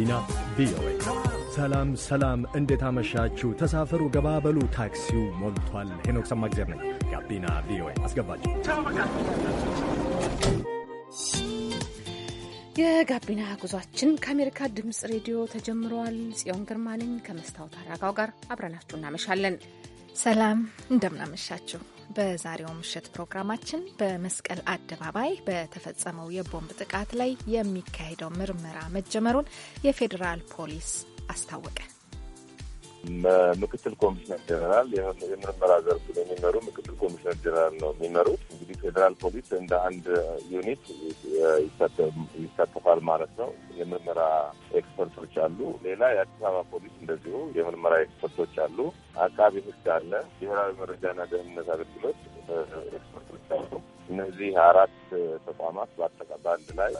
ጋቢና ቪኦኤ። ሰላም ሰላም፣ እንዴት አመሻችሁ? ተሳፈሩ፣ ገባበሉ፣ ታክሲው ሞልቷል። ሄኖክ ሰማግዜር ነኝ። ጋቢና ቪኦኤ አስገባችሁ። የጋቢና ጉዟችን ከአሜሪካ ድምፅ ሬዲዮ ተጀምረዋል። ጽዮን ግርማ ነኝ ከመስታወት አራጋው ጋር አብረናችሁ እናመሻለን። ሰላም፣ እንደምናመሻችሁ በዛሬው ምሽት ፕሮግራማችን በመስቀል አደባባይ በተፈጸመው የቦምብ ጥቃት ላይ የሚካሄደው ምርመራ መጀመሩን የፌዴራል ፖሊስ አስታወቀ። ምክትል ኮሚሽነር ጀነራል የምርመራ ዘርፍ የሚመሩ ምክትል ኮሚሽነር ጀነራል ነው የሚመሩት። እንግዲህ ፌዴራል ፖሊስ እንደ አንድ ዩኒት ይሳተፋል ማለት ነው። የምርመራ ኤክስፐርቶች አሉ። ሌላ የአዲስ አበባ ፖሊስ እንደዚሁ የምርመራ ኤክስፐርቶች አሉ። አቃቢ ሕግ አለ። ብሔራዊ መረጃና ደህንነት አገልግሎት ኤክስፐርቶች አሉ። እነዚህ አራት ተቋማት በአንድ ላይ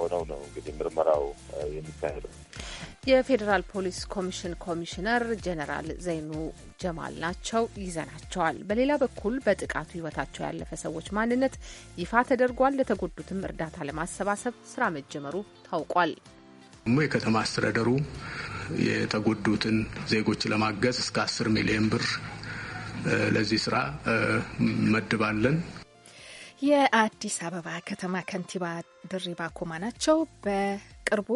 ሆነው ነው እንግዲህ ምርመራው የሚካሄደው። የፌዴራል ፖሊስ ኮሚሽን ኮሚሽነር ጀነራል ዘይኑ ጀማል ናቸው። ይዘናቸዋል። በሌላ በኩል በጥቃቱ ህይወታቸው ያለፈ ሰዎች ማንነት ይፋ ተደርጓል። ለተጎዱትም እርዳታ ለማሰባሰብ ስራ መጀመሩ ታውቋል። ሞ የከተማ አስተዳደሩ የተጎዱትን ዜጎች ለማገዝ እስከ አስር ሚሊዮን ብር ለዚህ ስራ መድባለን። የአዲስ አበባ ከተማ ከንቲባ ድሪባ ኩማ ናቸው። ቅርቡ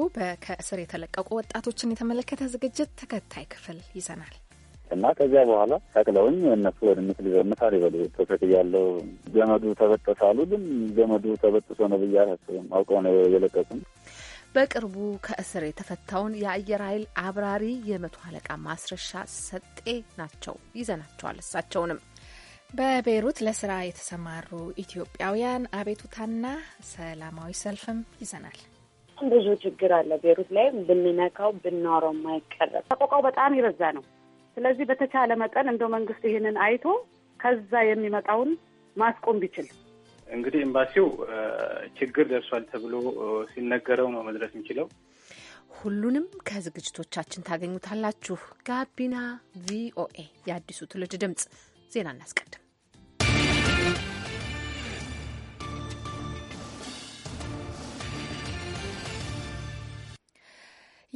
ከእስር የተለቀቁ ወጣቶችን የተመለከተ ዝግጅት ተከታይ ክፍል ይዘናል። እና ከዚያ በኋላ ተቅለውኝ እነሱ ወደ ምስ ሊዘምት አሪበሉ ተሰት ያለው ገመዱ ተበጠሰ አሉ። ግን ገመዱ ተበጥሶ ነው ብዬ አላስብም። አውቀው ነው የለቀቁም። በቅርቡ ከእስር የተፈታውን የአየር ኃይል አብራሪ የመቶ አለቃ ማስረሻ ሰጤ ናቸው ይዘናቸዋል። እሳቸውንም በቤይሩት ለስራ የተሰማሩ ኢትዮጵያውያን አቤቱታና ሰላማዊ ሰልፍም ይዘናል። በጣም ብዙ ችግር አለ ቤሩት ላይ ብንነካው ብናወራው የማይቀረብ ተቆቃው በጣም የበዛ ነው። ስለዚህ በተቻለ መጠን እንደ መንግስት ይህንን አይቶ ከዛ የሚመጣውን ማስቆም ቢችል እንግዲህ ኤምባሲው ችግር ደርሷል ተብሎ ሲነገረው ነው መድረስ የሚችለው። ሁሉንም ከዝግጅቶቻችን ታገኙታላችሁ። ጋቢና ቪኦኤ የአዲሱ ትውልድ ድምፅ። ዜና እናስቀድም።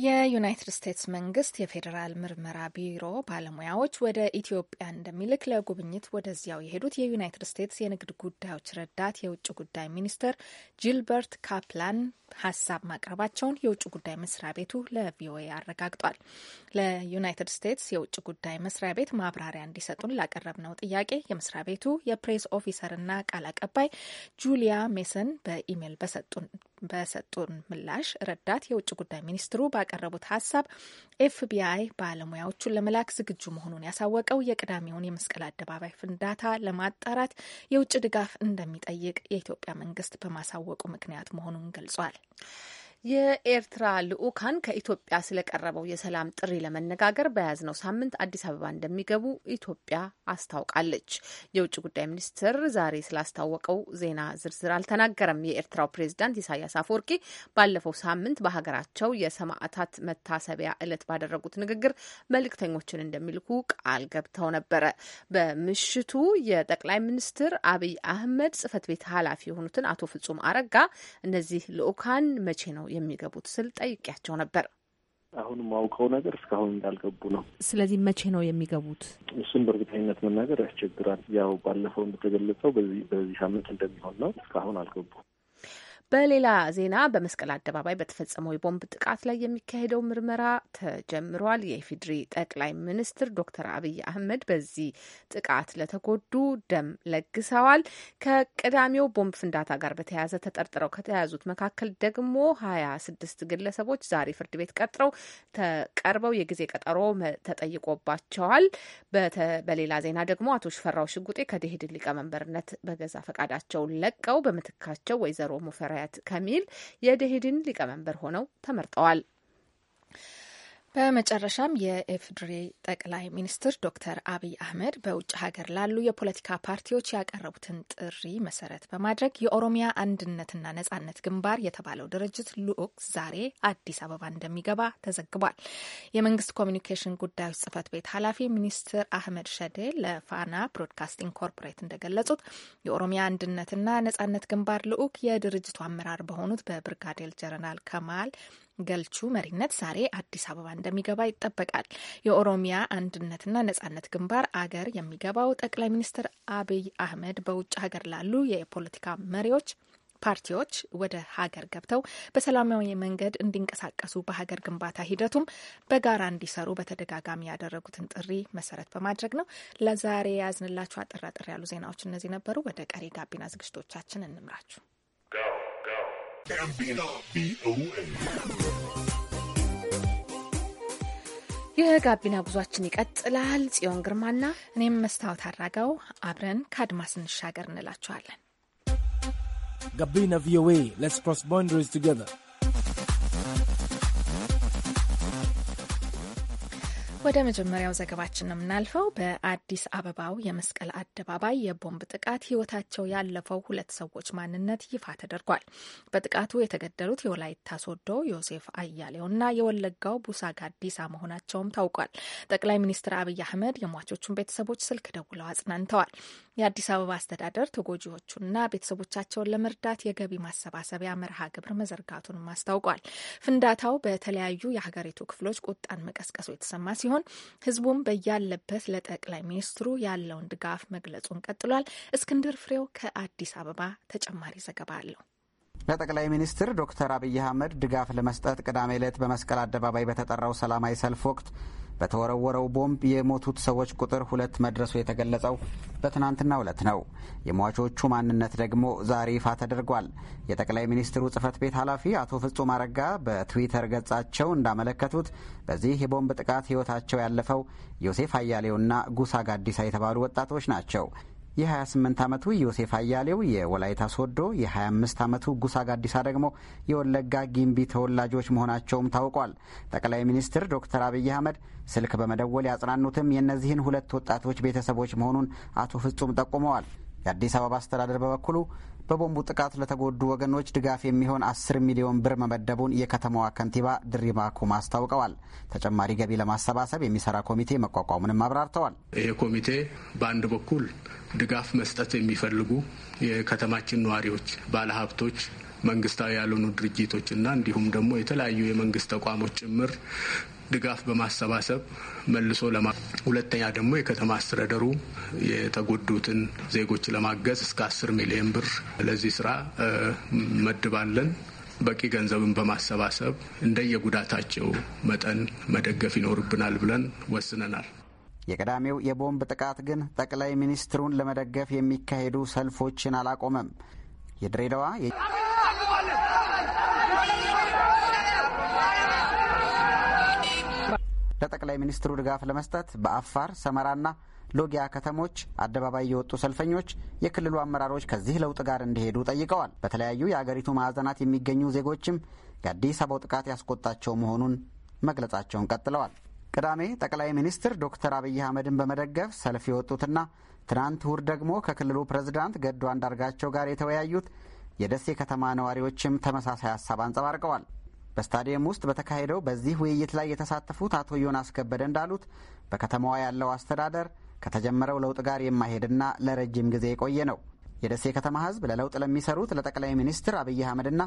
የዩናይትድ ስቴትስ መንግስት የፌዴራል ምርመራ ቢሮ ባለሙያዎች ወደ ኢትዮጵያ እንደሚልክ ለጉብኝት ወደዚያው የሄዱት የዩናይትድ ስቴትስ የንግድ ጉዳዮች ረዳት የውጭ ጉዳይ ሚኒስትር ጂልበርት ካፕላን ሀሳብ ማቅረባቸውን የውጭ ጉዳይ መስሪያ ቤቱ ለቪኦኤ አረጋግጧል። ለዩናይትድ ስቴትስ የውጭ ጉዳይ መስሪያ ቤት ማብራሪያ እንዲሰጡን ላቀረብነው ጥያቄ የመስሪያ ቤቱ የፕሬስ ኦፊሰርና ቃል አቀባይ ጁሊያ ሜሰን በኢሜይል በሰጡን ምላሽ ረዳት የውጭ ጉዳይ ሚኒስትሩ ባቀረቡት ሀሳብ ኤፍቢአይ ባለሙያዎቹን ለመላክ ዝግጁ መሆኑን ያሳወቀው የቅዳሜውን የመስቀል አደባባይ ፍንዳታ ለማጣራት የውጭ ድጋፍ እንደሚጠይቅ የኢትዮጵያ መንግስት በማሳወቁ ምክንያት መሆኑን ገልጿል። የኤርትራ ልዑካን ከኢትዮጵያ ስለቀረበው የሰላም ጥሪ ለመነጋገር በያዝነው ሳምንት አዲስ አበባ እንደሚገቡ ኢትዮጵያ አስታውቃለች። የውጭ ጉዳይ ሚኒስትር ዛሬ ስላስታወቀው ዜና ዝርዝር አልተናገረም። የኤርትራው ፕሬዚዳንት ኢሳያስ አፈወርቂ ባለፈው ሳምንት በሀገራቸው የሰማዕታት መታሰቢያ ዕለት ባደረጉት ንግግር መልእክተኞችን እንደሚልኩ ቃል ገብተው ነበረ። በምሽቱ የጠቅላይ ሚኒስትር አብይ አህመድ ጽህፈት ቤት ኃላፊ የሆኑትን አቶ ፍጹም አረጋ እነዚህ ልዑካን መቼ ነው የሚገቡት ስል ጠይቄያቸው ነበር። አሁን ማውቀው ነገር እስካሁን እንዳልገቡ ነው። ስለዚህ መቼ ነው የሚገቡት? እሱን በእርግጠኝነት መናገር ያስቸግራል። ያው ባለፈው እንደተገለጸው በዚህ በዚህ ሳምንት እንደሚሆን ነው። እስካሁን አልገቡ። በሌላ ዜና በመስቀል አደባባይ በተፈጸመው የቦምብ ጥቃት ላይ የሚካሄደው ምርመራ ተጀምሯል። የኢፌዴሪ ጠቅላይ ሚኒስትር ዶክተር አብይ አህመድ በዚህ ጥቃት ለተጎዱ ደም ለግሰዋል። ከቅዳሜው ቦምብ ፍንዳታ ጋር በተያያዘ ተጠርጥረው ከተያዙት መካከል ደግሞ ሀያ ስድስት ግለሰቦች ዛሬ ፍርድ ቤት ቀጥረው ተቀርበው የጊዜ ቀጠሮ ተጠይቆባቸዋል። በሌላ ዜና ደግሞ አቶ ሽፈራው ሽጉጤ ከደኢህዴን ሊቀመንበርነት በገዛ ፈቃዳቸው ለቀው በምትካቸው ወይዘሮ ሙፈራ ሀያት ከሚል የደሄድን ሊቀመንበር ሆነው ተመርጠዋል። በመጨረሻም የኤፍድሪ ጠቅላይ ሚኒስትር ዶክተር አብይ አህመድ በውጭ ሀገር ላሉ የፖለቲካ ፓርቲዎች ያቀረቡትን ጥሪ መሰረት በማድረግ የኦሮሚያ አንድነትና ነጻነት ግንባር የተባለው ድርጅት ልዑክ ዛሬ አዲስ አበባ እንደሚገባ ተዘግቧል። የመንግስት ኮሚኒኬሽን ጉዳዮች ጽህፈት ቤት ኃላፊ ሚኒስትር አህመድ ሸዴ ለፋና ብሮድካስቲንግ ኮርፖሬት እንደገለጹት የኦሮሚያ አንድነትና ነጻነት ግንባር ልዑክ የድርጅቱ አመራር በሆኑት በብርጋዴር ጀነራል ከማል ገልቹ መሪነት ዛሬ አዲስ አበባ እንደሚገባ ይጠበቃል። የኦሮሚያ አንድነትና ነጻነት ግንባር አገር የሚገባው ጠቅላይ ሚኒስትር አብይ አህመድ በውጭ ሀገር ላሉ የፖለቲካ መሪዎች ፓርቲዎች ወደ ሀገር ገብተው በሰላማዊ መንገድ እንዲንቀሳቀሱ በሀገር ግንባታ ሂደቱም በጋራ እንዲሰሩ በተደጋጋሚ ያደረጉትን ጥሪ መሰረት በማድረግ ነው። ለዛሬ ያዝንላችሁ አጠራጠር ያሉ ዜናዎች እነዚህ ነበሩ። ወደ ቀሪ ጋቢና ዝግጅቶቻችን እንምራችሁ። ጋቢና ቪኦኤ የጋቢና ጉዟችን ይቀጥላል። ጽዮን ግርማና እኔም መስታወት አድራገው አብረን ከአድማስ እንሻገር እንላችኋለን። ጋቢና ቪኦኤ ሌትስ ክሮስ ባውንደሪስ ቱጌዘር ወደ መጀመሪያው ዘገባችን ነው የምናልፈው። በአዲስ አበባው የመስቀል አደባባይ የቦምብ ጥቃት ህይወታቸው ያለፈው ሁለት ሰዎች ማንነት ይፋ ተደርጓል። በጥቃቱ የተገደሉት የወላይታ ሶዶ ዮሴፍ አያሌውና የወለጋው ቡሳ ጋዲሳ መሆናቸውም ታውቋል። ጠቅላይ ሚኒስትር አብይ አህመድ የሟቾቹን ቤተሰቦች ስልክ ደውለው አጽናንተዋል። የአዲስ አበባ አስተዳደር ተጎጂዎቹንና ቤተሰቦቻቸውን ለመርዳት የገቢ ማሰባሰቢያ መርሃ ግብር መዘርጋቱንም አስታውቋል። ፍንዳታው በተለያዩ የሀገሪቱ ክፍሎች ቁጣን መቀስቀሱ የተሰማ ሲሆን ህዝቡም በያለበት ለጠቅላይ ሚኒስትሩ ያለውን ድጋፍ መግለጹን ቀጥሏል። እስክንድር ፍሬው ከአዲስ አበባ ተጨማሪ ዘገባ አለው። ለጠቅላይ ሚኒስትር ዶክተር አብይ አህመድ ድጋፍ ለመስጠት ቅዳሜ ዕለት በመስቀል አደባባይ በተጠራው ሰላማዊ ሰልፍ ወቅት በተወረወረው ቦምብ የሞቱት ሰዎች ቁጥር ሁለት መድረሱ የተገለጸው በትናንትናው ዕለት ነው። የሟቾቹ ማንነት ደግሞ ዛሬ ይፋ ተደርጓል። የጠቅላይ ሚኒስትሩ ጽህፈት ቤት ኃላፊ አቶ ፍጹም አረጋ በትዊተር ገጻቸው እንዳመለከቱት በዚህ የቦምብ ጥቃት ሕይወታቸው ያለፈው ዮሴፍ አያሌውና ጉሳ ጋዲሳ የተባሉ ወጣቶች ናቸው። የ28 ዓመቱ ዮሴፍ አያሌው የወላይታ ሶዶ፣ የ25 ዓመቱ ጉሳ ጋዲሳ ደግሞ የወለጋ ጊምቢ ተወላጆች መሆናቸውም ታውቋል። ጠቅላይ ሚኒስትር ዶክተር አብይ አህመድ ስልክ በመደወል ያጽናኑትም የእነዚህን ሁለት ወጣቶች ቤተሰቦች መሆኑን አቶ ፍጹም ጠቁመዋል። የአዲስ አበባ አስተዳደር በበኩሉ በቦምቡ ጥቃት ለተጎዱ ወገኖች ድጋፍ የሚሆን አስር ሚሊዮን ብር መመደቡን የከተማዋ ከንቲባ ድሪባ ኩማ አስታውቀዋል። ተጨማሪ ገቢ ለማሰባሰብ የሚሰራ ኮሚቴ መቋቋሙንም አብራርተዋል። ይሄ ኮሚቴ በአንድ በኩል ድጋፍ መስጠት የሚፈልጉ የከተማችን ነዋሪዎች፣ ባለሀብቶች መንግስታዊ ያልሆኑ ድርጅቶችና እንዲሁም ደግሞ የተለያዩ የመንግስት ተቋሞች ጭምር ድጋፍ በማሰባሰብ መልሶ ለማ ሁለተኛ ደግሞ የከተማ አስተዳደሩ የተጎዱትን ዜጎች ለማገዝ እስከ አስር ሚሊዮን ብር ለዚህ ስራ መድባለን። በቂ ገንዘብን በማሰባሰብ እንደየጉዳታቸው መጠን መደገፍ ይኖርብናል ብለን ወስነናል። የቀዳሚው የቦምብ ጥቃት ግን ጠቅላይ ሚኒስትሩን ለመደገፍ የሚካሄዱ ሰልፎችን አላቆመም። የድሬዳዋ ለጠቅላይ ሚኒስትሩ ድጋፍ ለመስጠት በአፋር ሰመራና ሎጊያ ከተሞች አደባባይ የወጡ ሰልፈኞች የክልሉ አመራሮች ከዚህ ለውጥ ጋር እንዲሄዱ ጠይቀዋል። በተለያዩ የአገሪቱ ማዕዘናት የሚገኙ ዜጎችም የአዲስ አበባው ጥቃት ያስቆጣቸው መሆኑን መግለጻቸውን ቀጥለዋል። ቅዳሜ ጠቅላይ ሚኒስትር ዶክተር አብይ አህመድን በመደገፍ ሰልፍ የወጡትና ትናንት እሁድ ደግሞ ከክልሉ ፕሬዝዳንት ገዱ አንዳርጋቸው ጋር የተወያዩት የደሴ ከተማ ነዋሪዎችም ተመሳሳይ ሀሳብ አንጸባርቀዋል። በስታዲየም ውስጥ በተካሄደው በዚህ ውይይት ላይ የተሳተፉት አቶ ዮናስ ከበደ እንዳሉት በከተማዋ ያለው አስተዳደር ከተጀመረው ለውጥ ጋር የማይሄድና ለረጅም ጊዜ የቆየ ነው። የደሴ ከተማ ሕዝብ ለለውጥ ለሚሰሩት ለጠቅላይ ሚኒስትር አብይ አህመድና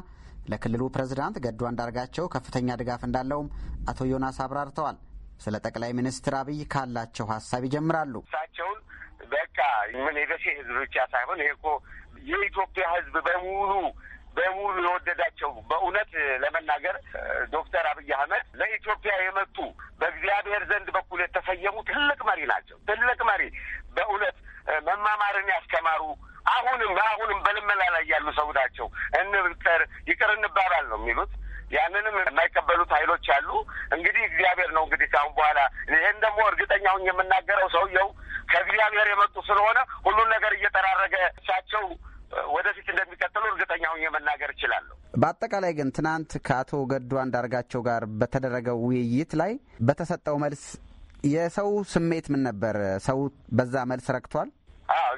ለክልሉ ፕሬዝዳንት ገዱ አንዳርጋቸው ከፍተኛ ድጋፍ እንዳለውም አቶ ዮናስ አብራርተዋል። ስለ ጠቅላይ ሚኒስትር አብይ ካላቸው ሀሳብ ይጀምራሉ። እሳቸውን በቃ ምን የደሴ ሕዝብ ብቻ ሳይሆን ይሄ እኮ የኢትዮጵያ ሕዝብ በሙሉ በሙሉ የወደዳቸው በእውነት ለመናገር ዶክተር አብይ አህመድ ለኢትዮጵያ የመጡ በእግዚአብሔር ዘንድ በኩል የተሰየሙ ትልቅ መሪ ናቸው። ትልቅ መሪ በእውነት መማማርን ያስተማሩ አሁንም አሁንም በልመና ላይ ያሉ ሰው ናቸው። እንብጠር ይቅር እንባባል ነው የሚሉት። ያንንም የማይቀበሉት ኃይሎች አሉ። እንግዲህ እግዚአብሔር ነው እንግዲህ ካሁን በኋላ ይህን ደግሞ እርግጠኛውን የምናገረው ሰውየው ከእግዚአብሔር የመጡ ስለሆነ ሁሉን ነገር እየጠራረገ እሳቸው ወደፊት እንደሚቀጥሉ እርግጠኛ ሁኜ መናገር እችላለሁ። በአጠቃላይ ግን ትናንት ከአቶ ገዱ አንዳርጋቸው ጋር በተደረገው ውይይት ላይ በተሰጠው መልስ የሰው ስሜት ምን ነበር? ሰው በዛ መልስ ረክቷል?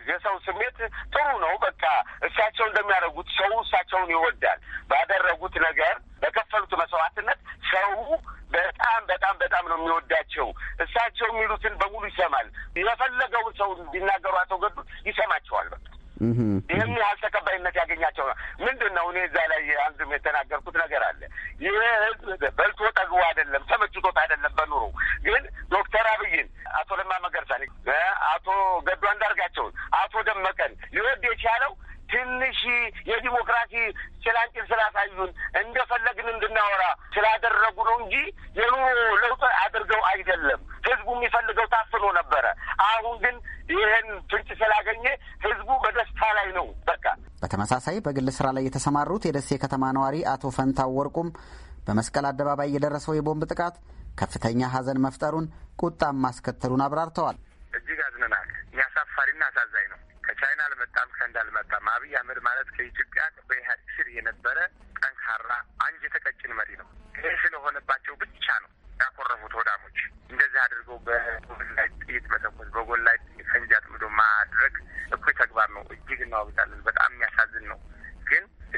የሰው ስሜት ጥሩ ነው። በቃ እሳቸው እንደሚያደርጉት ሰው እሳቸውን ይወዳል። ባደረጉት ነገር፣ በከፈሉት መስዋዕትነት ሰው በጣም በጣም በጣም ነው የሚወዳቸው። እሳቸው የሚሉትን በሙሉ ይሰማል። የፈለገውን ሰው እንዲናገሩ አቶ ገዱ ይሰማቸዋል። በቃ ይህም ያህል ተቀባይነት ያገኛቸው ነው። ምንድን ነው እኔ እዛ ላይ አንድ የተናገርኩት ነገር አለ። ይህ ህዝብ በልቶ ጠግቦ አይደለም፣ ተመችቶት አይደለም። በኑሮ ግን ዶክተር አብይን፣ አቶ ለማ መገርሳን፣ አቶ ገዱ አንዳርጋቸውን፣ አቶ ደመቀን ሊወድ የቻለው ትንሽ የዲሞክራሲ ጭላንጭል ስላሳዩን እንደፈለግን እንድናወራ ስላደረጉ ነው እንጂ የኑሮ ለውጥ አድርገው አይ በተመሳሳይ በግል ስራ ላይ የተሰማሩት የደሴ ከተማ ነዋሪ አቶ ፈንታው ወርቁም በመስቀል አደባባይ የደረሰው የቦምብ ጥቃት ከፍተኛ ሐዘን መፍጠሩን ቁጣም ማስከተሉን አብራርተዋል። እጅግ አዝነናል። የሚያሳፋሪና አሳዛኝ ነው። ከቻይና አልመጣም አልመጣም። አብይ አህመድ ማለት ከኢትዮጵያ በኢህአዴግ ስር የነበረ ጠንካራ አንጀተ የተቀጭን መሪ ነው። ይህ ስለሆነባቸው ብቻ ነው ያኮረፉት ወዳሞች እንደዚህ አድርገው በጎን ላይ ጥይት መተኮስ፣ በጎን ላይ ፈንጂ አጥምዶ ማድረግ እኩይ ተግባር ነው። እጅግ እናወግዛለን በጣም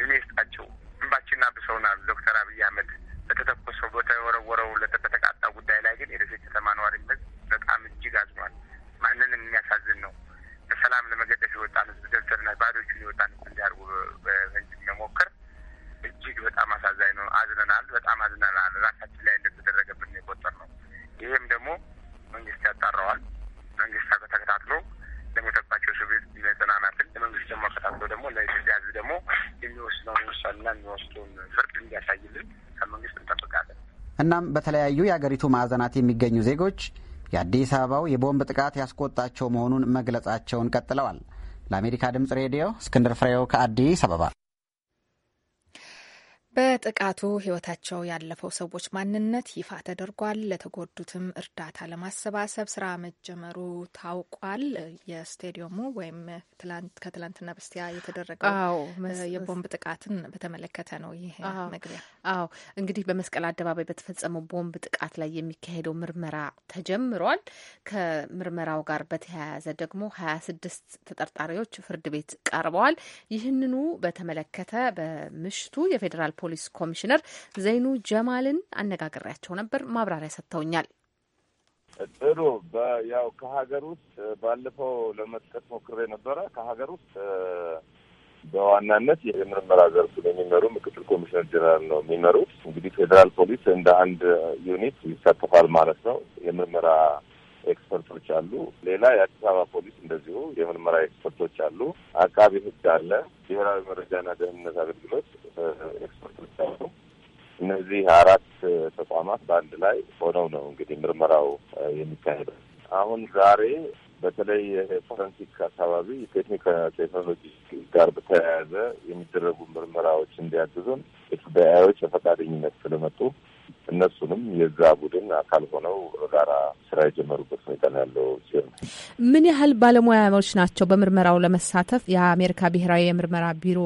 እድሜ ይስጣቸው። እንባችንን አብሰውናል። ዶክተር አብይ አህመድ በተተኮሰው በተወረወረው በተቃጣው ጉዳይ ላይ ግን የደሴ ከተማ ነዋሪ ህዝብ በጣም እጅግ አዝኗል። ማንንም የሚያሳዝን ነው። በሰላም ለመገደፍ የወጣን ህዝብ ደብተርና ባዶቹን የወጣን ህዝብ እንዲያርጉ የሚሞክር እጅግ በጣም አሳዛኝ ነው። አዝነናል። በጣም እናም በተለያዩ የአገሪቱ ማዕዘናት የሚገኙ ዜጎች የአዲስ አበባው የቦምብ ጥቃት ያስቆጣቸው መሆኑን መግለጻቸውን ቀጥለዋል። ለአሜሪካ ድምፅ ሬዲዮ እስክንድር ፍሬው ከአዲስ አበባ በጥቃቱ ህይወታቸው ያለፈው ሰዎች ማንነት ይፋ ተደርጓል። ለተጎዱትም እርዳታ ለማሰባሰብ ስራ መጀመሩ ታውቋል። የስቴዲየሙ ወይም ከትላንትና በስቲያ የተደረገው የቦምብ ጥቃትን በተመለከተ ነው። ይህ መግቢያ። አዎ እንግዲህ በመስቀል አደባባይ በተፈጸመው ቦምብ ጥቃት ላይ የሚካሄደው ምርመራ ተጀምሯል። ከምርመራው ጋር በተያያዘ ደግሞ ሀያ ስድስት ተጠርጣሪዎች ፍርድ ቤት ቀርበዋል። ይህንኑ በተመለከተ በምሽቱ የፌዴራል ፖሊስ ኮሚሽነር ዘይኑ ጀማልን አነጋግሬያቸው ነበር። ማብራሪያ ሰጥተውኛል። ጥሩ ያው ከሀገር ውስጥ ባለፈው ለመጥቀስ ሞክሬ ነበረ። ከሀገር ውስጥ በዋናነት የምርመራ ዘርፉን የሚመሩ ምክትል ኮሚሽነር ጀነራል ነው የሚመሩት። እንግዲህ ፌዴራል ፖሊስ እንደ አንድ ዩኒት ይሳተፋል ማለት ነው የምርመራ ኤክስፐርቶች አሉ። ሌላ የአዲስ አበባ ፖሊስ እንደዚሁ የምርመራ ኤክስፐርቶች አሉ። አቃቢ ሕግ አለ። ብሔራዊ መረጃና ደህንነት አገልግሎት ኤክስፐርቶች አሉ። እነዚህ አራት ተቋማት በአንድ ላይ ሆነው ነው እንግዲህ ምርመራው የሚካሄደው። አሁን ዛሬ በተለይ የፎረንሲክ አካባቢ ቴክኒክ ቴክኖሎጂ ጋር በተያያዘ የሚደረጉ ምርመራዎች እንዲያግዙን ኤፍቢአዮች በፈቃደኝነት ስለመጡ እነሱንም የዛ ቡድን አካል ሆነው በጋራ ስራ የጀመሩበት ሁኔታ ነው ያለው። ሲሆን ምን ያህል ባለሙያዎች ናቸው በምርመራው ለመሳተፍ የአሜሪካ ብሔራዊ የምርመራ ቢሮ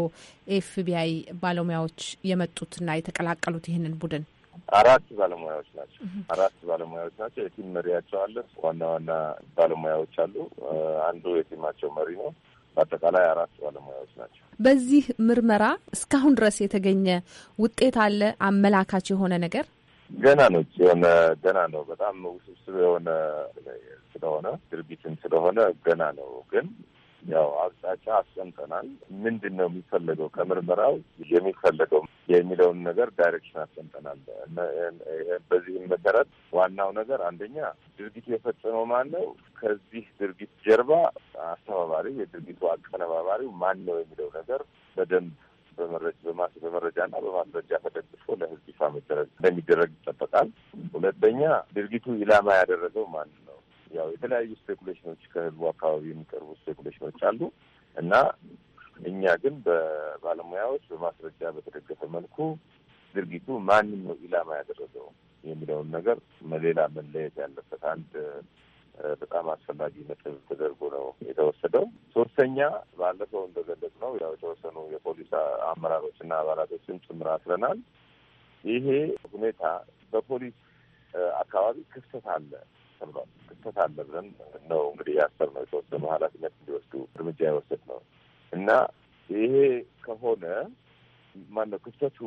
ኤፍቢአይ ባለሙያዎች የመጡትና የተቀላቀሉት ይህንን ቡድን? አራት ባለሙያዎች ናቸው። አራት ባለሙያዎች ናቸው። የቲም መሪያቸው አለ። ዋና ዋና ባለሙያዎች አሉ። አንዱ የቲማቸው መሪ ነው። በአጠቃላይ አራት ባለሙያዎች ናቸው። በዚህ ምርመራ እስካሁን ድረስ የተገኘ ውጤት አለ? አመላካች የሆነ ነገር ገና ነው። የሆነ ገና ነው። በጣም ውስብስብ የሆነ ስለሆነ ድርጊትን ስለሆነ ገና ነው ግን ያው አቅጣጫ አስቀምጠናል። ምንድን ነው የሚፈለገው ከምርመራው የሚፈለገው የሚለውን ነገር ዳይሬክሽን አስቀምጠናል። በዚህም መሰረት ዋናው ነገር አንደኛ ድርጊቱ የፈጸመው ማን ነው፣ ከዚህ ድርጊት ጀርባ አስተባባሪ፣ የድርጊቱ አቀነባባሪው ማን ነው የሚለው ነገር በደንብ በመረጃና በማስረጃ ተደግፎ ለሕዝብ ይፋ መደረግ እንደሚደረግ ይጠበቃል። ሁለተኛ ድርጊቱ ኢላማ ያደረገው ማን ያው የተለያዩ ስፔኩሌሽኖች ከህዝቡ አካባቢ የሚቀርቡ ስፔኩሌሽኖች አሉ እና እኛ ግን በባለሙያዎች በማስረጃ በተደገፈ መልኩ ድርጊቱ ማንም ነው ኢላማ ያደረገው የሚለውን ነገር ሌላ መለየት ያለበት አንድ በጣም አስፈላጊ ነጥብ ተደርጎ ነው የተወሰደው። ሶስተኛ ባለፈው እንደገለጽ ነው ያው የተወሰኑ የፖሊስ አመራሮችና አባላቶችን ጭምር አስረናል። ይሄ ሁኔታ በፖሊስ አካባቢ ክፍተት አለ ያሰብነው ክፍተት አለ ብለን ነው እንግዲህ ያሰብነው የተወሰኑ ኃላፊነት እንዲወስዱ እርምጃ የወሰድ ነው እና ይሄ ከሆነ ማነው ክፍተቱ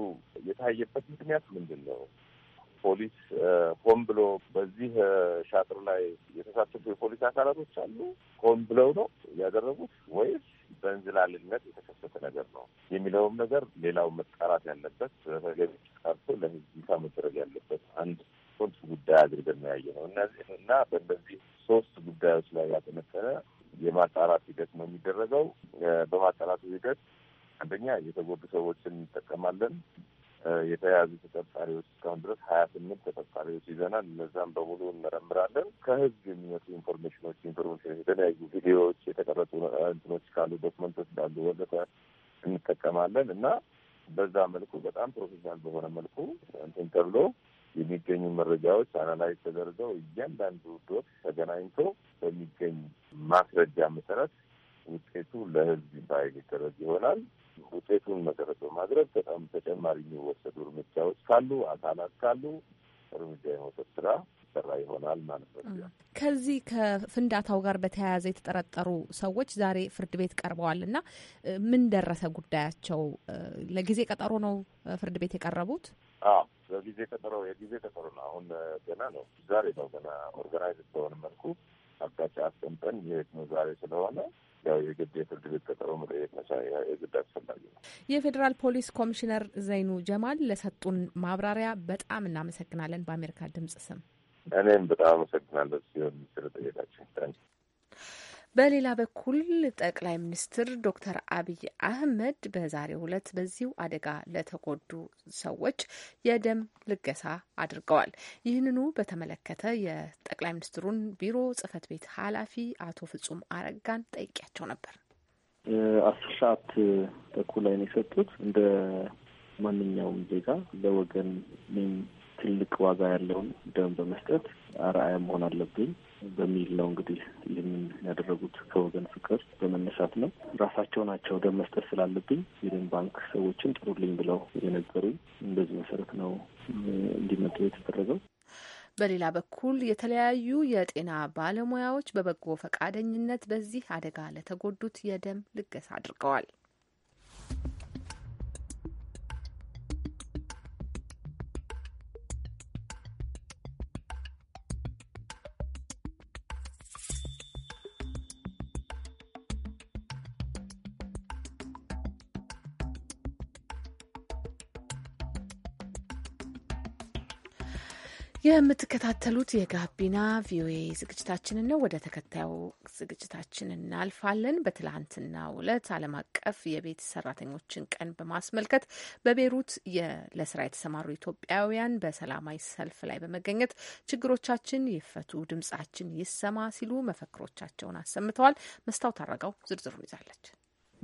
የታየበት ምክንያት ምንድን ነው? ፖሊስ ሆን ብሎ በዚህ ሻጥር ላይ የተሳተፉ የፖሊስ አካላቶች አሉ። ሆን ብለው ነው ያደረጉት ወይስ በእንዝላልነት የተከሰተ ነገር ነው የሚለውም ነገር ሌላው መጣራት ያለበት በተገቢ ቀርቶ ለ አድርገን ነው እነዚህ እና በእነዚህ ሶስት ጉዳዮች ላይ ያጠነጠነ የማጣራት ሂደት ነው የሚደረገው። በማጣራቱ ሂደት አንደኛ የተጎዱ ሰዎችን እንጠቀማለን። የተያዙ ተጠርጣሪዎች እስካሁን ድረስ ሀያ ስምንት ተጠርጣሪዎች ይዘናል። እነዛም በሙሉ እንመረምራለን። ከህዝብ የሚመጡ ኢንፎርሜሽኖች ኢንፎርሜሽን የተለያዩ ቪዲዮዎች፣ የተቀረጡ እንትኖች ካሉ ዶክመንቶች ካሉ ወዘተ እንጠቀማለን እና በዛ መልኩ በጣም ፕሮፌሽናል በሆነ መልኩ እንትን ተብሎ የሚገኙ መረጃዎች አናላይዝ ተደርገው እያንዳንዱ ዶት ተገናኝቶ በሚገኝ ማስረጃ መሰረት ውጤቱ ለህዝብ በይፋ የሚደረግ ይሆናል። ውጤቱን መሰረት በማድረግ በጣም ተጨማሪ የሚወሰዱ እርምጃዎች ካሉ አካላት ካሉ እርምጃ የመውሰድ ስራ ይሰራ ይሆናል ማለት ነው። ከዚህ ከፍንዳታው ጋር በተያያዘ የተጠረጠሩ ሰዎች ዛሬ ፍርድ ቤት ቀርበዋል እና ምን ደረሰ ጉዳያቸው? ለጊዜ ቀጠሮ ነው ፍርድ ቤት የቀረቡት። በጊዜ ቀጠሮ የጊዜ ቀጠሮ ነው። አሁን ገና ነው። ዛሬ ነው ገና ኦርጋናይዝ በሆነ መልኩ አቅጣጫ አስቀምጠን የት ነው ዛሬ ስለሆነ ያው የግድ የፍርድ ቤት ቀጠሮ መጠየቅ መቻ የግድ አስፈላጊ ነው። የፌዴራል ፖሊስ ኮሚሽነር ዘይኑ ጀማል ለሰጡን ማብራሪያ በጣም እናመሰግናለን። በአሜሪካ ድምጽ ስም እኔም በጣም አመሰግናለሁ ሲሆን ስለጠየቃቸው በሌላ በኩል ጠቅላይ ሚኒስትር ዶክተር አብይ አህመድ በዛሬው ዕለት በዚሁ አደጋ ለተጎዱ ሰዎች የደም ልገሳ አድርገዋል። ይህንኑ በተመለከተ የጠቅላይ ሚኒስትሩን ቢሮ ጽህፈት ቤት ኃላፊ አቶ ፍጹም አረጋን ጠይቂያቸው ነበር። አስር ሰዓት ተኩል ላይ ነው የሰጡት። እንደ ማንኛውም ዜጋ ለወገን ትልቅ ዋጋ ያለውን ደም በመስጠት አርአያ መሆን አለብኝ በሚል ነው እንግዲህ ይህንን ያደረጉት ከወገን ፍቅር በመነሳት ነው። ራሳቸው ናቸው ደም መስጠት ስላለብኝ የደም ባንክ ሰዎችን ጥሩልኝ ብለው የነገሩኝ፣ እንደዚህ መሰረት ነው እንዲመጡ የተደረገው። በሌላ በኩል የተለያዩ የጤና ባለሙያዎች በበጎ ፈቃደኝነት በዚህ አደጋ ለተጎዱት የደም ልገሳ አድርገዋል። የምትከታተሉት የጋቢና ቪኦኤ ዝግጅታችንን ነው። ወደ ተከታዩ ዝግጅታችን እናልፋለን። በትላንትና ዕለት ዓለም አቀፍ የቤት ሰራተኞችን ቀን በማስመልከት በቤሩት ለስራ የተሰማሩ ኢትዮጵያውያን በሰላማዊ ሰልፍ ላይ በመገኘት ችግሮቻችን ይፈቱ፣ ድምጻችን ይሰማ ሲሉ መፈክሮቻቸውን አሰምተዋል። መስታወት አረጋው ዝርዝሩን ይዛለች።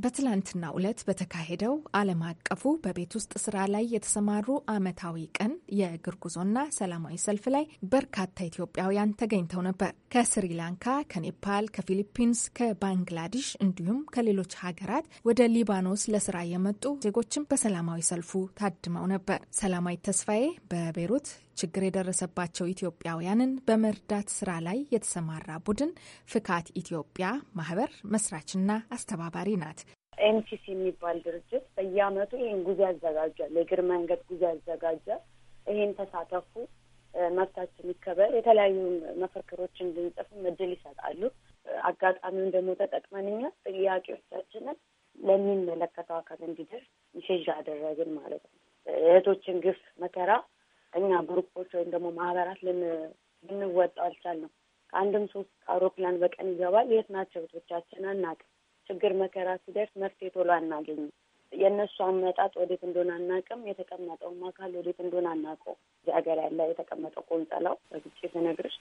በትላንትና ዕለት በተካሄደው ዓለም አቀፉ በቤት ውስጥ ስራ ላይ የተሰማሩ አመታዊ ቀን የእግር ጉዞና ሰላማዊ ሰልፍ ላይ በርካታ ኢትዮጵያውያን ተገኝተው ነበር። ከስሪላንካ፣ ከኔፓል፣ ከፊሊፒንስ፣ ከባንግላዴሽ እንዲሁም ከሌሎች ሀገራት ወደ ሊባኖስ ለስራ የመጡ ዜጎችም በሰላማዊ ሰልፉ ታድመው ነበር። ሰላማዊ ተስፋዬ በቤሩት ችግር የደረሰባቸው ኢትዮጵያውያንን በመርዳት ስራ ላይ የተሰማራ ቡድን ፍካት ኢትዮጵያ ማህበር መስራችና አስተባባሪ ናት። ኤምሲሲ የሚባል ድርጅት በየአመቱ ይህን ጉዞ ያዘጋጃል። የእግር መንገድ ጉዞ ያዘጋጃል። ይህን ተሳተፉ፣ መብታችን ይከበር፣ የተለያዩ መፈክሮችን እንድንጽፍም እድል ይሰጣሉ። አጋጣሚውን ደግሞ ተጠቅመን እኛ ጥያቄዎቻችንን ለሚመለከተው አካል እንዲደርስ ይሸዣ አደረግን ማለት ነው። እህቶችን ግፍ መከራ እኛ ግሩፖች ወይም ደግሞ ማህበራት ልንወጣው አልቻልንም። ከአንድም ሶስት አውሮፕላን በቀን ይገባል። የት ናቸው እህቶቻችን? አናውቅም። ችግር መከራ ሲደርስ መፍትሄ ቶሎ አናገኝም። የእነሱ አመጣጥ ወዴት እንደሆነ አናቅም። የተቀመጠውም አካል ወዴት እንደሆነ አናውቀው። እዚህ ሀገር ያለ የተቀመጠው ቆንጸላው በግጭ ስነግርሽ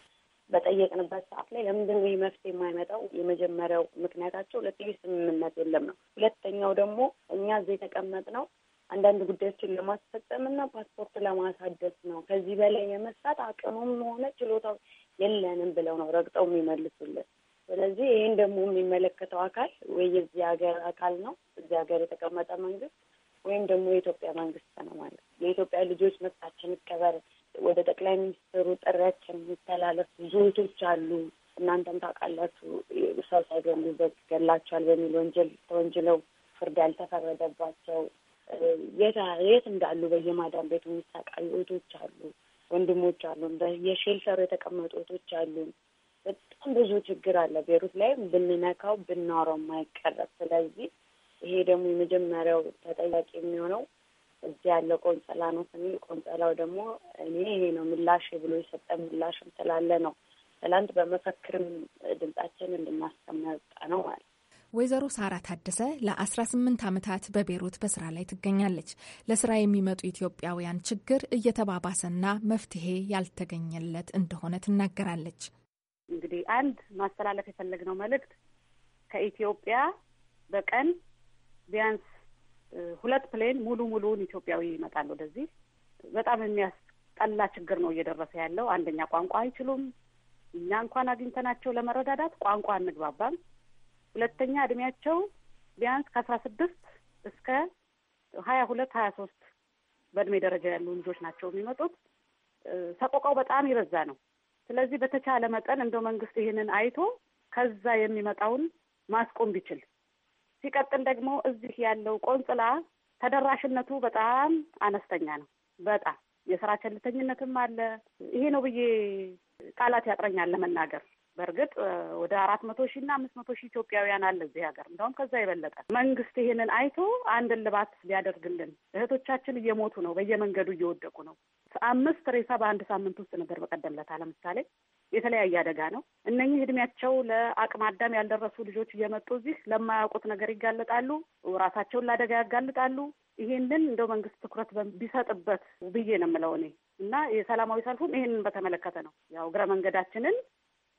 በጠየቅንበት ሰዓት ላይ ለምንድን ነው ይህ መፍትሄ የማይመጣው? የመጀመሪያው ምክንያታቸው ሁለተኛ ስምምነት የለም ነው። ሁለተኛው ደግሞ እኛ እዚህ የተቀመጥነው አንዳንድ ጉዳዮችን ለማስፈጸም እና ፓስፖርት ለማሳደስ ነው። ከዚህ በላይ የመስራት አቅሙም ሆነ ችሎታው የለንም ብለው ነው ረግጠው የሚመልሱልን። ስለዚህ ይህን ደግሞ የሚመለከተው አካል ወይ የዚህ ሀገር አካል ነው እዚህ ሀገር የተቀመጠ መንግስት ወይም ደግሞ የኢትዮጵያ መንግስት ነው ማለት ነው። የኢትዮጵያ ልጆች መብታችን ይከበር፣ ወደ ጠቅላይ ሚኒስትሩ ጥሪያችን የሚተላለፍ ብዙ እህቶች አሉ፣ እናንተም ታውቃላችሁ፣ ሰው ሳይገሉበት ገላቸዋል በሚል ወንጀል ተወንጅለው ፍርድ ያልተፈረደባቸው የት እንዳሉ በየማዳን ቤት የሚሰቃዩ እህቶች አሉ፣ ወንድሞች አሉ፣ የሼልተሩ የተቀመጡ እህቶች አሉ። በጣም ብዙ ችግር አለ ቤሩት ላይ ብንነካው ብናወራው ማይቀረብ። ስለዚህ ይሄ ደግሞ የመጀመሪያው ተጠያቂ የሚሆነው እዚህ ያለ ቆንጸላ ነው ስንል ቆንጸላው ደግሞ እኔ ይሄ ነው ምላሽ ብሎ የሰጠ ምላሽም ስላለ ነው ትላንት በመፈክርም ድምጻችን እንድናስቀመጣ ነው ማለት ወይዘሮ ሳራ ታደሰ ለ18 ዓመታት በቤሩት በስራ ላይ ትገኛለች። ለስራ የሚመጡ ኢትዮጵያውያን ችግር እየተባባሰና መፍትሄ ያልተገኘለት እንደሆነ ትናገራለች። እንግዲህ አንድ ማስተላለፍ የፈለግነው መልእክት ከኢትዮጵያ በቀን ቢያንስ ሁለት ፕሌን ሙሉ ሙሉውን ኢትዮጵያዊ ይመጣል ወደዚህ። በጣም የሚያስጠላ ችግር ነው እየደረሰ ያለው። አንደኛ ቋንቋ አይችሉም። እኛ እንኳን አግኝተናቸው ለመረዳዳት ቋንቋ አንግባባም። ሁለተኛ እድሜያቸው ቢያንስ ከአስራ ስድስት እስከ ሀያ ሁለት ሀያ ሶስት በእድሜ ደረጃ ያሉ ልጆች ናቸው የሚመጡት። ሰቆቃው በጣም ይበዛ ነው። ስለዚህ በተቻለ መጠን እንደው መንግስት ይህንን አይቶ ከዛ የሚመጣውን ማስቆም ቢችል፣ ሲቀጥል ደግሞ እዚህ ያለው ቆንጽላ ተደራሽነቱ በጣም አነስተኛ ነው። በጣም የስራ ቸልተኝነትም አለ። ይሄ ነው ብዬ ቃላት ያጥረኛል ለመናገር በእርግጥ ወደ አራት መቶ ሺህ እና አምስት መቶ ሺህ ኢትዮጵያውያን አለ እዚህ ሀገር፣ እንደውም ከዛ የበለጠ። መንግስት ይህንን አይቶ አንድ እልባት ሊያደርግልን። እህቶቻችን እየሞቱ ነው፣ በየመንገዱ እየወደቁ ነው። አምስት ሬሳ በአንድ ሳምንት ውስጥ ነበር በቀደም ለምሳሌ የተለያየ አደጋ ነው። እነኚህ እድሜያቸው ለአቅመ አዳም ያልደረሱ ልጆች እየመጡ እዚህ ለማያውቁት ነገር ይጋለጣሉ፣ ራሳቸውን ለአደጋ ያጋልጣሉ። ይሄንን እንደው መንግስት ትኩረት ቢሰጥበት ብዬ ነው የምለው እኔ እና የሰላማዊ ሰልፉም ይሄንን በተመለከተ ነው። ያው እግረ መንገዳችንን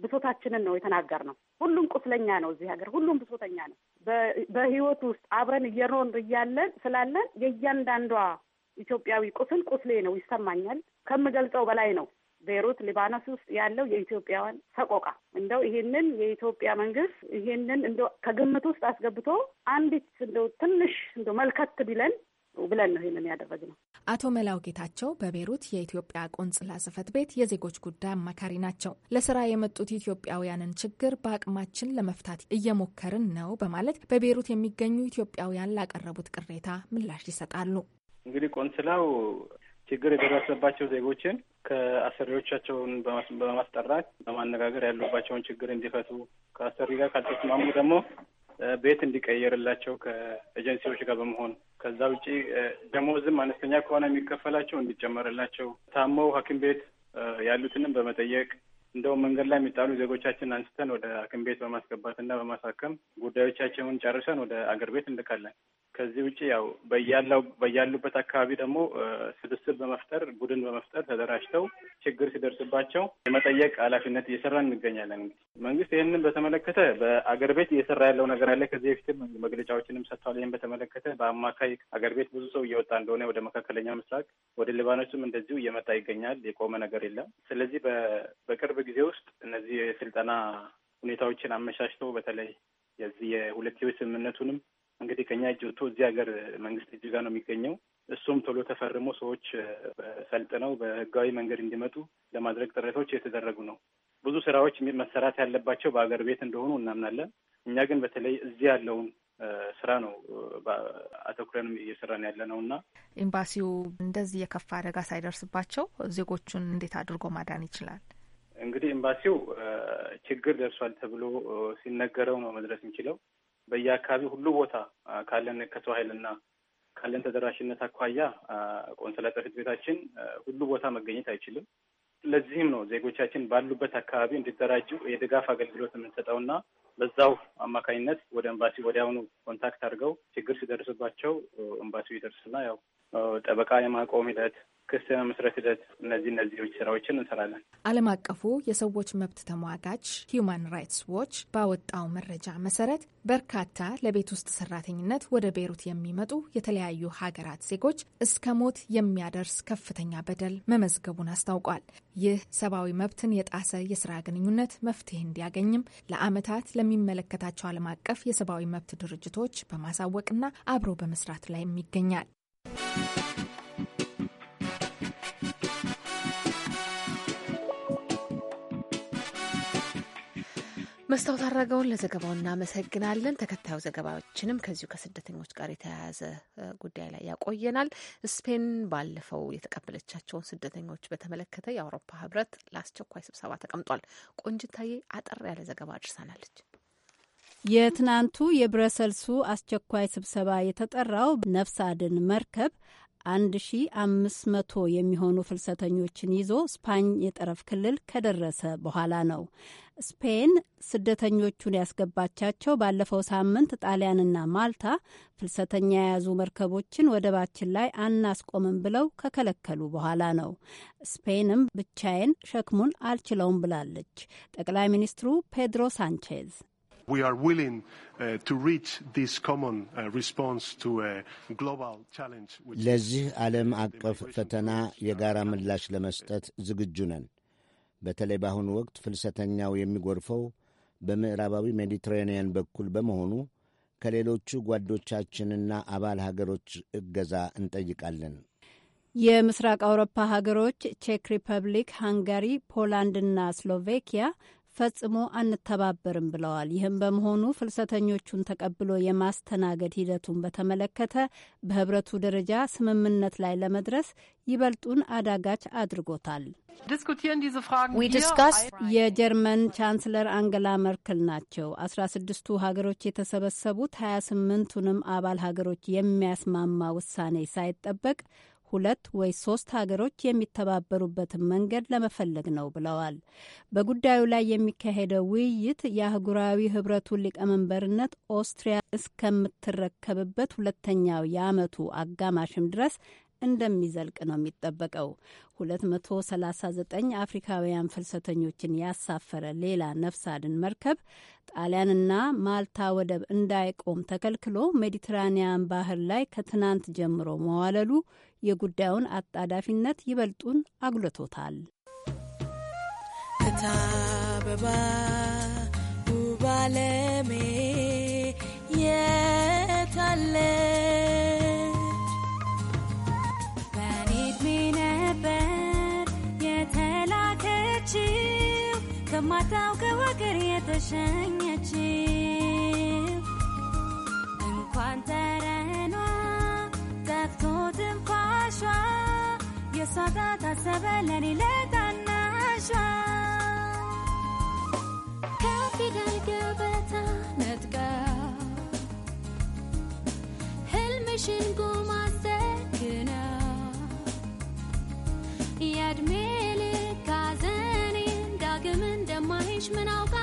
ብሶታችንን ነው የተናገር ነው። ሁሉም ቁስለኛ ነው እዚህ ሀገር፣ ሁሉም ብሶተኛ ነው። በህይወት ውስጥ አብረን እየኖርን እያለን ስላለን የእያንዳንዷ ኢትዮጵያዊ ቁስል ቁስሌ ነው፣ ይሰማኛል። ከምገልጸው በላይ ነው። ቤይሩት ሊባኖስ ውስጥ ያለው የኢትዮጵያውያን ሰቆቃ እንደው ይሄንን የኢትዮጵያ መንግስት ይሄንን እንደው ከግምት ውስጥ አስገብቶ አንዲት እንደው ትንሽ እንደው መልከት ቢለን ብለን ነው ይህንን ነው። አቶ መላው ጌታቸው በቤሩት የኢትዮጵያ ቆንጽላ ጽፈት ቤት የዜጎች ጉዳይ አማካሪ ናቸው። ለስራ የመጡት ኢትዮጵያውያንን ችግር በአቅማችን ለመፍታት እየሞከርን ነው በማለት በቤሩት የሚገኙ ኢትዮጵያውያን ላቀረቡት ቅሬታ ምላሽ ይሰጣሉ። እንግዲህ ቆንስላው ችግር የደረሰባቸው ዜጎችን ከአሰሪዎቻቸውን በማስጠራት በማነጋገር ያሉባቸውን ችግር እንዲፈቱ ከአሰሪ ጋር ካልተስማሙ ደግሞ ቤት እንዲቀየርላቸው ከኤጀንሲዎች ጋር በመሆን ከዛ ውጪ ደሞዝም አነስተኛ ከሆነ የሚከፈላቸው እንዲጨመርላቸው፣ ታመው ሐኪም ቤት ያሉትንም በመጠየቅ እንደውም መንገድ ላይ የሚጣሉ ዜጎቻችን አንስተን ወደ ሐኪም ቤት በማስገባትና በማሳከም ጉዳዮቻቸውን ጨርሰን ወደ አገር ቤት እንልካለን። ከዚህ ውጭ ያው በያለው በያሉበት አካባቢ ደግሞ ስብስብ በመፍጠር ቡድን በመፍጠር ተደራጅተው ችግር ሲደርስባቸው የመጠየቅ ኃላፊነት እየሰራን እንገኛለን። እንግዲህ መንግስት ይህንን በተመለከተ በአገር ቤት እየሰራ ያለው ነገር አለ። ከዚህ በፊትም መግለጫዎችንም ሰጥቷል። ይህን በተመለከተ በአማካይ አገር ቤት ብዙ ሰው እየወጣ እንደሆነ ወደ መካከለኛ ምስራቅ ወደ ሊባኖስም እንደዚሁ እየመጣ ይገኛል። የቆመ ነገር የለም። ስለዚህ በቅርብ ጊዜ ውስጥ እነዚህ የስልጠና ሁኔታዎችን አመቻችተው በተለይ የዚህ የሁለትዮሽ ስምምነቱንም እንግዲህ ከኛ እጅ ወጥቶ እዚህ ሀገር መንግስት እጅ ጋር ነው የሚገኘው። እሱም ቶሎ ተፈርሞ ሰዎች ሰልጥነው በህጋዊ መንገድ እንዲመጡ ለማድረግ ጥረቶች የተደረጉ ነው። ብዙ ስራዎች መሰራት ያለባቸው በሀገር ቤት እንደሆኑ እናምናለን። እኛ ግን በተለይ እዚህ ያለውን ስራ ነው አተኩረን እየሰራን ያለ ነው እና ኤምባሲው እንደዚህ የከፋ አደጋ ሳይደርስባቸው ዜጎቹን እንዴት አድርጎ ማዳን ይችላል? እንግዲህ ኤምባሲው ችግር ደርሷል ተብሎ ሲነገረው ነው መድረስ የሚችለው። በየአካባቢው ሁሉ ቦታ ካለን ከሰው ኃይልና ካለን ተደራሽነት አኳያ ቆንስላ ጽሕፈት ቤታችን ሁሉ ቦታ መገኘት አይችልም። ለዚህም ነው ዜጎቻችን ባሉበት አካባቢ እንዲደራጁ የድጋፍ አገልግሎት የምንሰጠውና በዛው አማካኝነት ወደ ኤምባሲ ወዲያውኑ ኮንታክት አድርገው ችግር ሲደርስባቸው ኤምባሲው ይደርስና ያው ጠበቃ የማቆም ሂደት ክስ መስረት ሂደት እነዚህ እነዚህ ስራዎችን እንሰራለን። ዓለም አቀፉ የሰዎች መብት ተሟጋች ሂዩማን ራይትስ ዎች ባወጣው መረጃ መሰረት በርካታ ለቤት ውስጥ ሰራተኝነት ወደ ቤይሩት የሚመጡ የተለያዩ ሀገራት ዜጎች እስከ ሞት የሚያደርስ ከፍተኛ በደል መመዝገቡን አስታውቋል። ይህ ሰብአዊ መብትን የጣሰ የስራ ግንኙነት መፍትሄ እንዲያገኝም ለዓመታት ለሚመለከታቸው ዓለም አቀፍ የሰብአዊ መብት ድርጅቶች በማሳወቅና አብሮ በመስራት ላይም ይገኛል። መስታወት አድረገውን ለዘገባው እናመሰግናለን። ተከታዩ ዘገባዎችንም ከዚሁ ከስደተኞች ጋር የተያያዘ ጉዳይ ላይ ያቆየናል። ስፔን ባለፈው የተቀበለቻቸውን ስደተኞች በተመለከተ የአውሮፓ ህብረት ለአስቸኳይ ስብሰባ ተቀምጧል። ቆንጅታዬ አጠር ያለ ዘገባ አድርሳናለች። የትናንቱ የብረሰልሱ አስቸኳይ ስብሰባ የተጠራው ነፍስ አድን መርከብ 1500 የሚሆኑ ፍልሰተኞችን ይዞ ስፓኝ የጠረፍ ክልል ከደረሰ በኋላ ነው። ስፔን ስደተኞቹን ያስገባቻቸው ባለፈው ሳምንት ጣሊያንና ማልታ ፍልሰተኛ የያዙ መርከቦችን ወደባችን ላይ አናስቆምም ብለው ከከለከሉ በኋላ ነው። ስፔንም ብቻዬን ሸክሙን አልችለውም ብላለች። ጠቅላይ ሚኒስትሩ ፔድሮ ሳንቼዝ ለዚህ ዓለም አቀፍ ፈተና የጋራ ምላሽ ለመስጠት ዝግጁ ነን። በተለይ በአሁኑ ወቅት ፍልሰተኛው የሚጎርፈው በምዕራባዊ ሜዲትራኒያን በኩል በመሆኑ ከሌሎቹ ጓዶቻችንና አባል ሀገሮች እገዛ እንጠይቃለን። የምስራቅ አውሮፓ ሀገሮች ቼክ ሪፐብሊክ፣ ሃንጋሪ፣ ፖላንድና ስሎቬኪያ ፈጽሞ አንተባበርም ብለዋል። ይህም በመሆኑ ፍልሰተኞቹን ተቀብሎ የማስተናገድ ሂደቱን በተመለከተ በህብረቱ ደረጃ ስምምነት ላይ ለመድረስ ይበልጡን አዳጋች አድርጎታል። የጀርመን ቻንስለር አንገላ መርክል ናቸው። አስራ ስድስቱ ሀገሮች የተሰበሰቡት ሀያ ስምንቱንም አባል ሀገሮች የሚያስማማ ውሳኔ ሳይጠበቅ ሁለት ወይ ሶስት ሀገሮች የሚተባበሩበትን መንገድ ለመፈለግ ነው ብለዋል። በጉዳዩ ላይ የሚካሄደው ውይይት የአህጉራዊ ህብረቱ ሊቀመንበርነት ኦስትሪያ እስከምትረከብበት ሁለተኛው የአመቱ አጋማሽም ድረስ እንደሚዘልቅ ነው የሚጠበቀው። 239 አፍሪካውያን ፍልሰተኞችን ያሳፈረ ሌላ ነፍስ አድን መርከብ ጣሊያንና ማልታ ወደብ እንዳይቆም ተከልክሎ ሜዲትራኒያን ባህር ላይ ከትናንት ጀምሮ መዋለሉ የጉዳዩን አጣዳፊነት ይበልጡን አጉልቶታል። ታበባ ውብ የተሸኘችው እንኳን ተረኗ የእሷ ጋር ታሰበ ለኔ ለታናሿ ከፊደል ገበታ ነጥቃ ህልምሽን የእድሜ ልክ ዳግም እንደማይሽ ምን አውቃ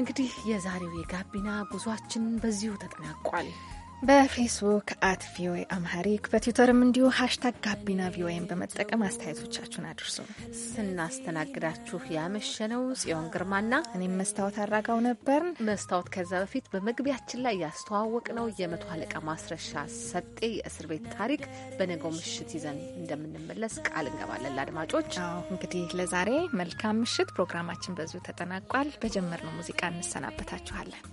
እንግዲህ የዛሬው የጋቢና ጉዟችን በዚሁ ተጠናቋል። በፌስቡክ አት ቪኦኤ አምሃሪክ በትዊተርም እንዲሁ ሀሽታግ ጋቢና ቪኦኤን በመጠቀም አስተያየቶቻችሁን አድርሱ። ስናስተናግዳችሁ ያመሸነው ጽዮን ግርማና እኔም መስታወት አራጋው ነበርን። መስታወት ከዛ በፊት በመግቢያችን ላይ ያስተዋወቅ ነው የመቶ አለቃ ማስረሻ ሰጤ የእስር ቤት ታሪክ በነገው ምሽት ይዘን እንደምንመለስ ቃል እንገባለን። ለአድማጮች አዎ እንግዲህ ለዛሬ መልካም ምሽት። ፕሮግራማችን በዚሁ ተጠናቋል። በጀመርነው ሙዚቃ እንሰናበታችኋለን።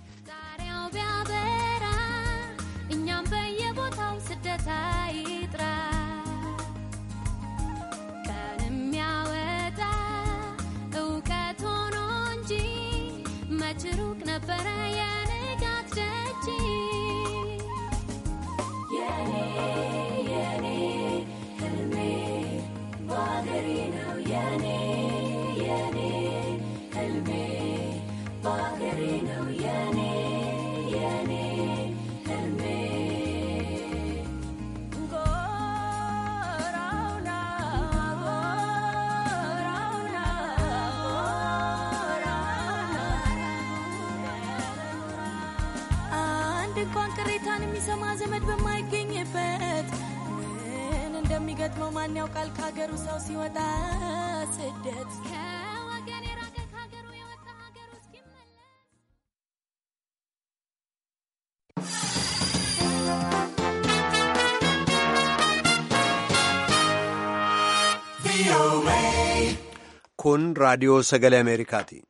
ሲገጥመው ማን ያውቃል ከሀገሩ ሰው ሲወጣ ስደት con Radio Sagale Americati.